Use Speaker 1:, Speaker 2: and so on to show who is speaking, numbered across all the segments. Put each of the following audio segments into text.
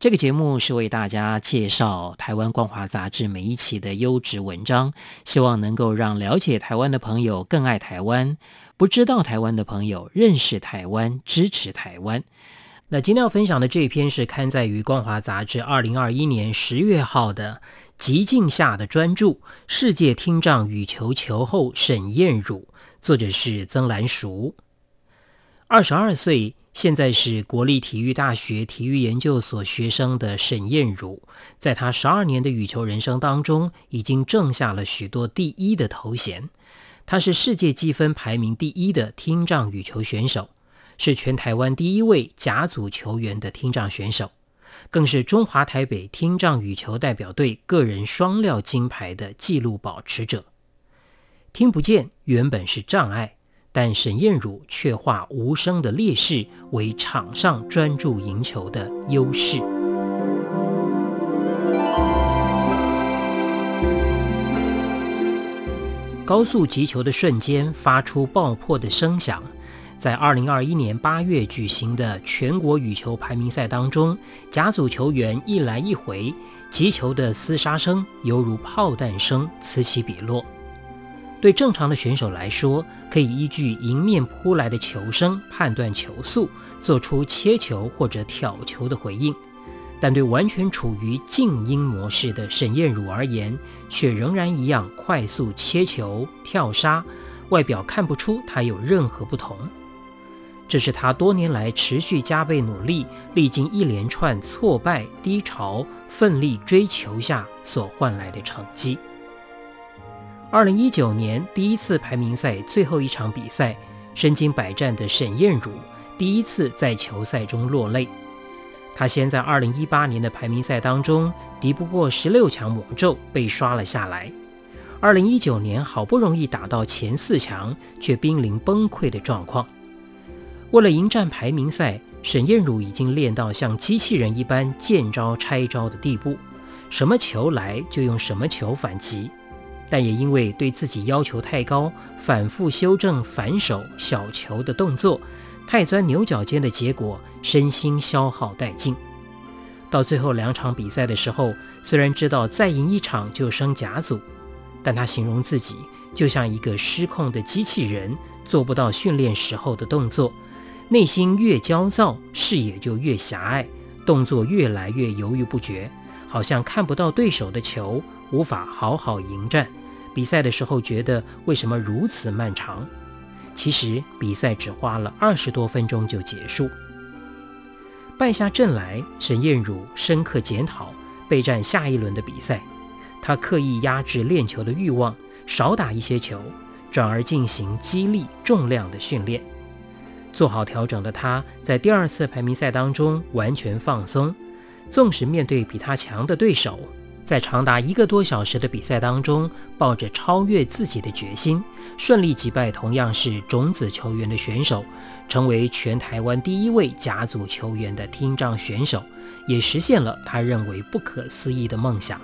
Speaker 1: 這個節目是為大家介紹台灣光華雜誌每一期的優質文章，希望能夠讓了解台灣的朋友更愛台灣，不知道台灣的朋友認識台灣，支持台灣。那今天要分享的這篇是刊載於《光華雜誌》二零二一年十月號的《寂靜下的專注》，世界聽障羽球球後沈彥汝，作者是曾蘭淑。二十二歲，現在是國立體育大學體育研究所學生的沈彥汝，在她十二年的羽球人生當中，已經掙下了許多第一的頭銜。他是世界積分排名第一的聽障羽球選手，是全台灣第一位甲組球員的聽障選手，更是中華台北聽障羽球代表隊個人雙料金牌的紀錄保持者。聽不見原本是障礙。但沈彥汝卻化無聲的劣勢為場上專注贏球的優勢。高速擊球的瞬間發出爆破的聲響，在二零二一年八月舉行的全國羽球排名賽當中，甲組球員一來一回，擊球的廝殺聲猶如炮彈聲，此起彼落。對正常的選手來說，可以依據迎面撲來的球聲判斷球速，做出切球或者挑球的回應；但對完全處於靜音模式的沈彥汝而言，卻仍然一樣快速切球、跳殺，外表看不出他有任何不同。這是他多年來持續加倍努力，歷經一連串挫敗、低潮，奮力追求下所換來的成績。二零一九年第一次排名賽最後一場比賽，身經百戰的沈彥汝第一次在球賽中落淚。他先在二零一八年的排名賽當中敵不過十六強魔咒被刷了下來。二零一九年好不容易打到前四強，卻瀕臨崩潰的狀況。為了迎戰排名賽，沈彥汝已經練到像機器人一般見招拆招的地步，什麼球來就用什麼球反擊。但也因為對自己要求太高，反覆修正反手小球的動作，太鑽牛角尖的結果，身心消耗殆盡。到最後兩場比賽的時候，雖然知道再贏一場就升甲組，但她形容自己就像一個失控的機器人，做不到訓練時候的動作。內心越焦躁，視野就越狹隘，動作越來越猶豫不決，好像看不到對手的球，無法好好迎戰。比賽的時候覺得為什麼如此漫長？其實比賽只花了二十多分鐘就結束。敗下陣來，沈彥汝深刻檢討，備戰下一輪的比賽。她刻意壓制練球的慾望，少打一些球，轉而進行肌力、重量的訓練。做好調整的她在第二次排名賽當中完全放鬆，縱使面對比她強的對手。在長達一個多小時的比賽當中，抱着超越自己的決心，順利擊敗同樣是種子球員的選手，成為全台灣第一位甲組球員的聽障選手，也實現了他認為不可思議的夢想。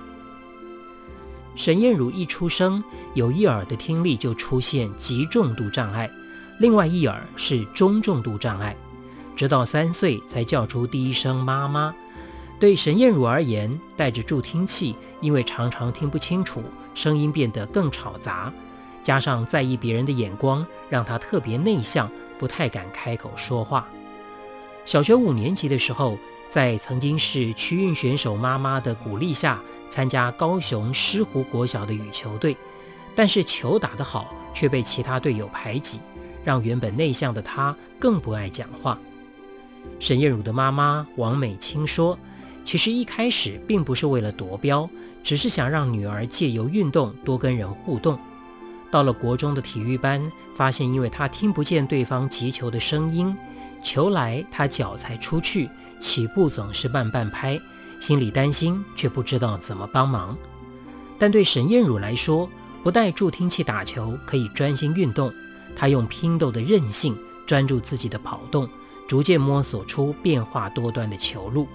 Speaker 1: 沈彥汝一出生，有一耳的聽力就出現極重度障礙，另外一耳是中重度障礙，直到三歲才叫出第一聲媽媽。對沈彥汝而言，戴着助聽器，因為常常聽不清楚，聲音變得更吵雜，加上在意別人的眼光，讓他特別內向，不太敢開口說話。小學五年級的時候，在曾經是區運選手媽媽的鼓勵下，參加高雄獅湖國小的羽球隊，但是球打得好，卻被其他隊友排擠，讓原本內向的他更不愛講話。沈彥汝的媽媽王美清說。其實一開始並不是為了奪標，只是想讓女兒借由運動多跟人互動。到了國中的體育班，發現因為她聽不見對方擊球的聲音，球來她腳才出去，起步總是慢半拍，心裡擔心卻不知道怎麼幫忙。但對沈彥汝來說，不戴助聽器打球可以專心運動，她用拼鬥的韌性專注自己的跑動，逐漸摸索出變化多端的球路。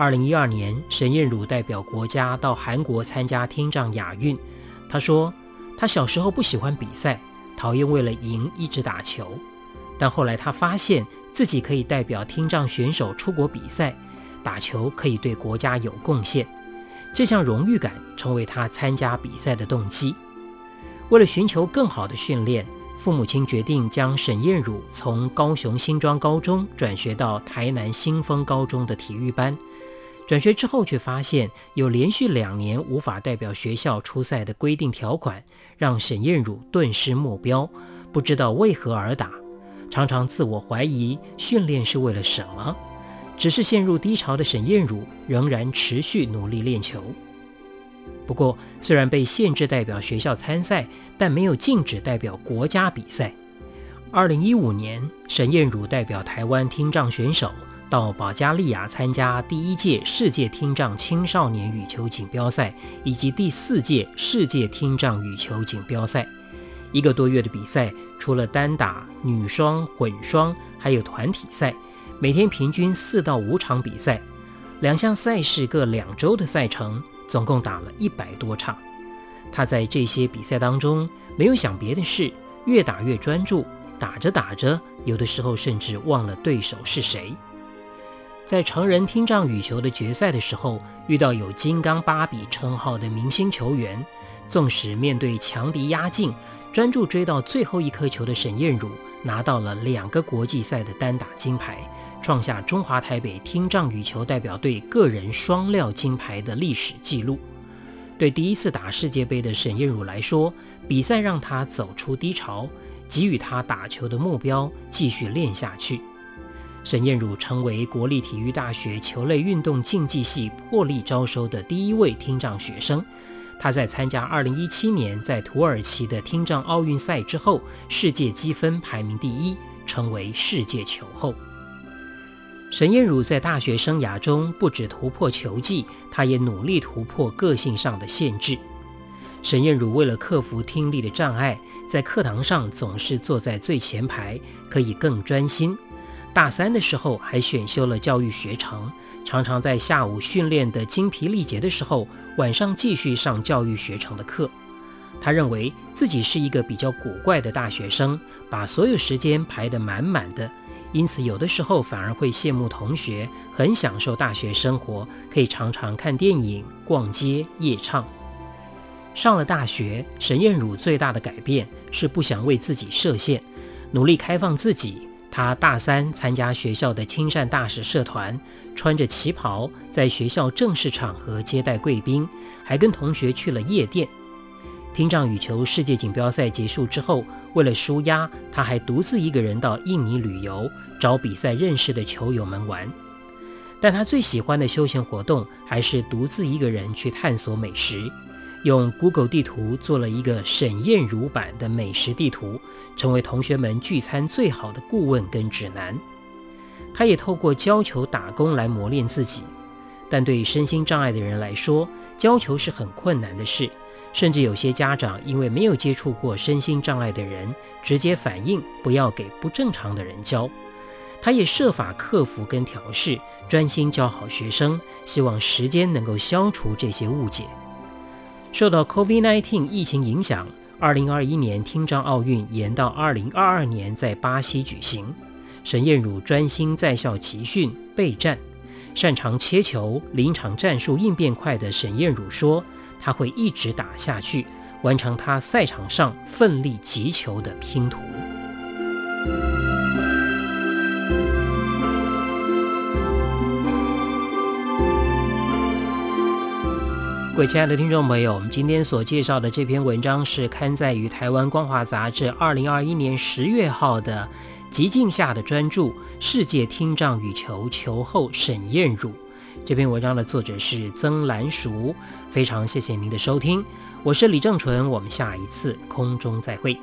Speaker 1: 二零一二年，沈彥汝代表國家到韓國參加聽障亞運。他說，他小時候不喜歡比賽，討厭為了贏一直打球，但後來他發現自己可以代表聽障選手出國比賽，打球可以對國家有貢獻，這項榮譽感成為他參加比賽的動機。為了尋求更好的訓練，父母親決定將沈彥汝從高雄新莊高中轉學到台南新豐高中的體育班。轉學之後，卻發現有連續兩年無法代表學校出賽的規定條款，讓沈彥汝頓失目標，不知道為何而打，常常自我懷疑訓練是為了什麼。只是陷入低潮的沈彥汝仍然持續努力練球。不過，雖然被限制代表學校參賽，但沒有禁止代表國家比賽。2015年，沈彥汝代表台灣聽障選手。到保加利亞參加第一屆世界聽障青少年羽球錦標賽以及第四屆世界聽障羽球錦標賽，一個多月的比賽，除了單打、女雙、混雙，還有團體賽，每天平均四到五場比賽。兩項賽事各兩周的賽程，總共打了一百多場。她在這些比賽當中沒有想別的事，越打越專注，打着打着，有的時候甚至忘了對手是誰。在成人聽障羽球的決賽的時候，遇到有“金剛芭比”稱號的明星球員，縱使面對強敵壓境，專注追到最後一顆球的沈彥汝拿到了兩個國際賽的單打金牌，創下中華台北聽障羽球代表隊個人雙料金牌的歷史紀錄。對第一次打世界杯的沈彥汝來說，比賽讓她走出低潮，給予她打球的目標，繼續練下去。沈彥汝成為國立體育大學球類運動競技系破例招收的第一位聽障學生。他在參加2017年在土耳其的聽障奧運賽之後，世界積分排名第一，成為世界球後。沈彥汝在大學生涯中不止突破球技，他也努力突破個性上的限制。沈彥汝為了克服聽力的障礙，在課堂上總是坐在最前排，可以更專心。大三的時候，還選修了教育學程，常常在下午訓練得精疲力竭的時候，晚上繼續上教育學程的課。他認為自己是一個比較古怪的大學生，把所有時間排得滿滿的，因此有的時候反而會羨慕同學，很享受大學生活，可以常常看電影、逛街、夜唱。上了大學，沈彥汝最大的改變是不想為自己設限，努力開放自己。他大三參加學校的親善大使社團，穿着旗袍在學校正式場合接待貴賓，還跟同學去了夜店。聽障羽球世界錦標賽結束之後，為了舒壓，他還獨自一個人到印尼旅遊，找比賽認識的球友們玩。但他最喜歡的休閒活動還是獨自一個人去探索美食。用 Google 地圖做了一個沈彥汝版的美食地圖，成為同學們聚餐最好的顧問跟指南。她也透過教球打工來磨練自己，但對於身心障礙的人來說，教球是很困難的事。甚至有些家長因為沒有接觸過身心障礙的人，直接反應：‘不要給不正常的人教’。她也設法克服跟調試，專心教好學生，希望時間能夠消除這些誤解。受到 COVID-19 疫情影響，2021年聽障奧運延到2022年在巴西舉行。沈彥汝專心在校集訓備戰，擅長切球、臨場戰術應變快的沈彥汝說：“他會一直打下去，完成他賽場上奮力擊球的拼圖。”各位親愛的聽眾朋友，我們今天所介紹的這篇文章是刊載於臺灣光華雜誌二零二一年十月號的《寂靜下的專注：世界聽障羽球球後沈彥汝》，這篇文章的作者是曾蘭淑。非常謝謝您的收聽，我是李正純。我們下一次空中再會。